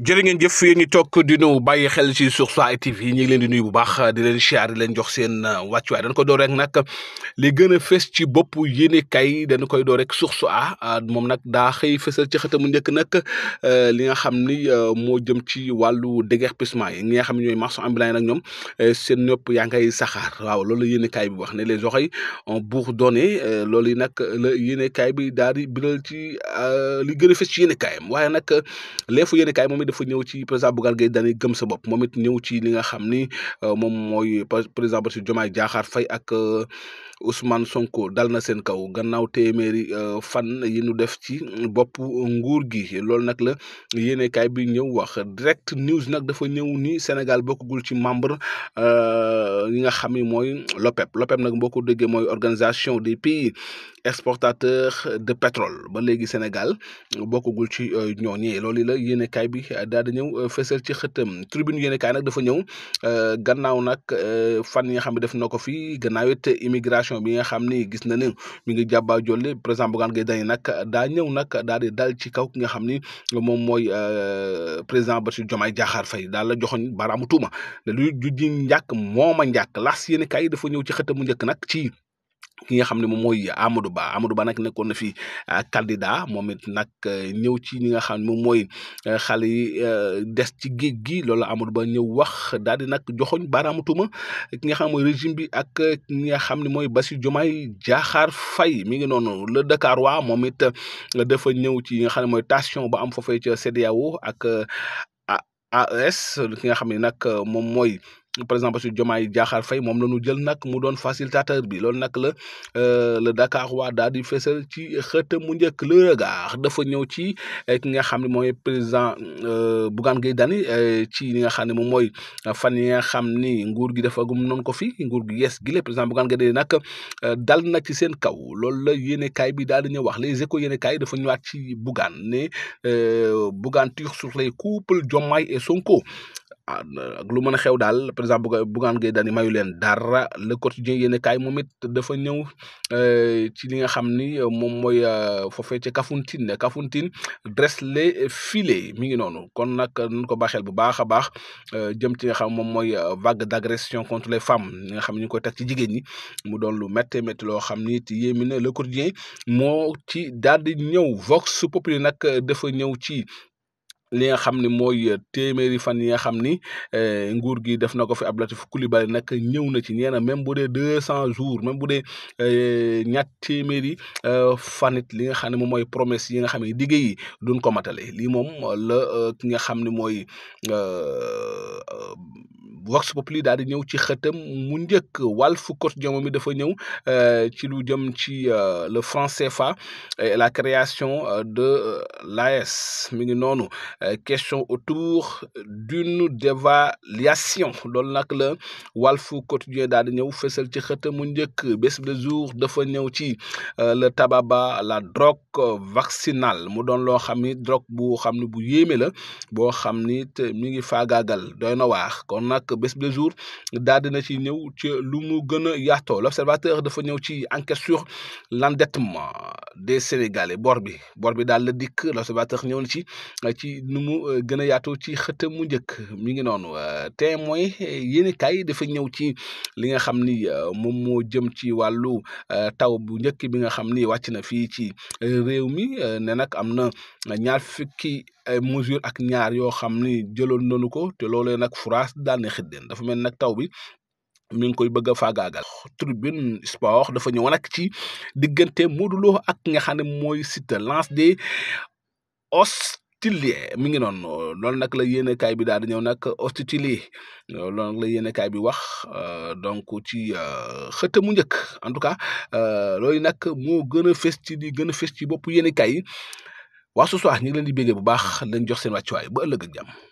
jërë ngeen jëf yéen ñi toog di nu bàyyi xel ci Source A TV ñu ngi leen di nuyu bu baax di leen siyaar di leen jox seen uh, wàccuwaay dañ ko door rek nag li gën a fës ci bopp yéene kay dañ koy door rek Source A uh, moom nag daa xëy fësal ci xëtamu njëkk nag uh, li nga xam ni moo jëm ci wàllu déguerpissement yi ñi nga xam ne ñooy marchands ambulants yi nag ñoom seen ñëpp yaa ngay saxaar waaw loolu yéene kay bi wax ne les oreilles ont bourre donné loolu yi nag la yéene kay bi daal di biral ci li gën a fës ci yéene kayam waaye nag leefu yéene kay dafa ñëw ci président Bougane Gueye Dany gëm sa bopp moom it ñëw ci li nga xam ni euh, moom mooy président Bassirou Diomaye jaxaar fay ak euh, Ousmane Sonko dal na seen kaw gannaaw téeméeri euh, fan yi nu def ci bopp nguur gi loolu nag la yéenekaay bi ñëw wax direct news nag dafa ñëw ni Sénégal bokkagul ci membre yi nga xam ni mooy l'OPEP l'OPEP e nag boo ko déggee mooy organisation des pays exportateurs de pétrole ba léegi Sénégal bokkagul ci ñooñee loolu la yéenekaay bi daal di ñëw euh, fësal ci xëtam tribune yéene kaay nag dafa ñëw euh, gannaaw nag euh, fan yi nga xam ne def na ko fi gannaaw it immigration bi nga xam ni gis na ne mi ngi jàbbaa jolle président Bougane Gueye Dany nag daa ñëw nag daal di dal ci kaw ki nga xam ni moom mooy président Bassirou Diomaye Diakhar Faye daal la joxoñ baaraamu tuuma ne lu ju ji njàkk mooma njàkk las yéene kaay dafa ñëw ci xëtamu njëkk nag ci ki nga xam ne moom mooy Amadou Ba Amadou Ba nag nekkoon na fi euh, candidat moom it nag euh, ñëw ci ñi nga xam ne moom mooy euh, xale yi des ci géej gi loolu Amadou ñëw wax daal di nag joxoñ baaraamu tuuma ki nga xam mooy régime bi ak ki nga xam ne mooy Bassirou Diomaye Diakhar Faye mi ngi noonu le Dakar waa moom it dafa ñëw ci yi nga xam ne mooy tension ba am foofee ca CEDEAO ak a ki nga xam ne nag moom mooy. président Bassirou Diomaye Diakhar Faye moom la ñu jël nag mu doon facilitateur bi loolu nag la euh, le Dakar waa daal di fésal ci xët mu njëkk le regard dafa ñëw ci euh, ki nga xam ne mooy président euh, Bougane Gueye Dany ci li nga xam ne moom mooy fan yi xam ni nguur gi dafa gum noonu ko fi nguur gi yes gi le président Bougane Gueye Dany nag dal na ci seen kaw loolu la yéene bi daal di ñëw wax les échos yéene kaay dafa ñëwaat ci bugan ne Bougane tire sur les couples Diomaye et Sonko ak lu mën a xew daal président Bougane Gueye Dany mayu leen dara le quotidien yéen kaay moom it dafa ñëw euh, ci li nga xam ni moom mooy euh, foofee ci Kafountine Kafountine le les filets mi ngi noonu kon nag nañ ko baaxeel bu baax a baax euh, jëm ci nga xam moom mooy vague d'agression contre les femmes ñi nga xam ni ñu koy teg ci jigéen ñi mu doon lu métti métti loo xam ni ci yéemi na le quotidien moo ci daal di ñëw Vox Populi nag dafa ñëw ci li nga xam ne mooy téeméeri fan yi nga xam ni eh, nguur gi def na ko fi Abdou Latif Coulibaly nag ñëw na ci nee na même bu dee deux cent jours même bu dee eh, ñatt téeméeri eh, fanit li nga xam ne moom mooy promesse yi nga xam ne digge yi duñ ko matale lii moom ki nga xam ne mooy Vox Populi daal di ñëw ci xëtam mu njëkk Walf Quotidien mi dafa ñëw ci lu jëm ci le franc CFA et la création de l'AES mi ngi noonu Euh, question autour d'une dévaluation loolu nag la Walfu Quotidien daal di ñëw fësal ci xëta mu njëkk bés bi le jour dafa ñëw ci euh, le tabac ba la drogue vaccinale mu doon loo xam ni drogue bu xam ni bu yéeme la boo xam ni te mi ngi faagaagal doy na waax kon nag bés bi le jour daal na ci ñëw ci lu mu gën a yaatoo l'observateur dafa ñëw ci enquête sur l'endettement des Sénégalais bor bi bor bi daal la dikk l'observateur ñëw na ci ci nu mu euh, gën a yaatoo ci xët mu njëkk mi ngi noonu euh, te mooy yéen kay dafa ñëw ci li nga xam ni euh, moom moo jëm ci wàllu taw bu njëkk bi nga xam ni wàcc na fii ci réew mi ne nag am na ñaar fukki mesure ak ñaar yoo xam ni jëloon nañu ko te loolee nag France daal ne xëddeen dafa mel nag taw bi. mi ngi koy bëgg a faagaagal tribune sport dafa ñëw nag ci diggante Modou Lo ak nga xam ne mooy Siteu lance des tillee mi ngi noonu loolu nag la yéenekaay bi daal di ñëw nag ostitili loolu nag la yéenekaay bi wax euh, donc ci euh, xëta mu njëkk en tout cas euh, loolu nag moo gën a fës ci di gën a fës ci bopp yéenekaay yi waa ce soir ñu ngi leen di béggee bu baax lañ jox seen wàccuwaay ba ëllëg ak jàmm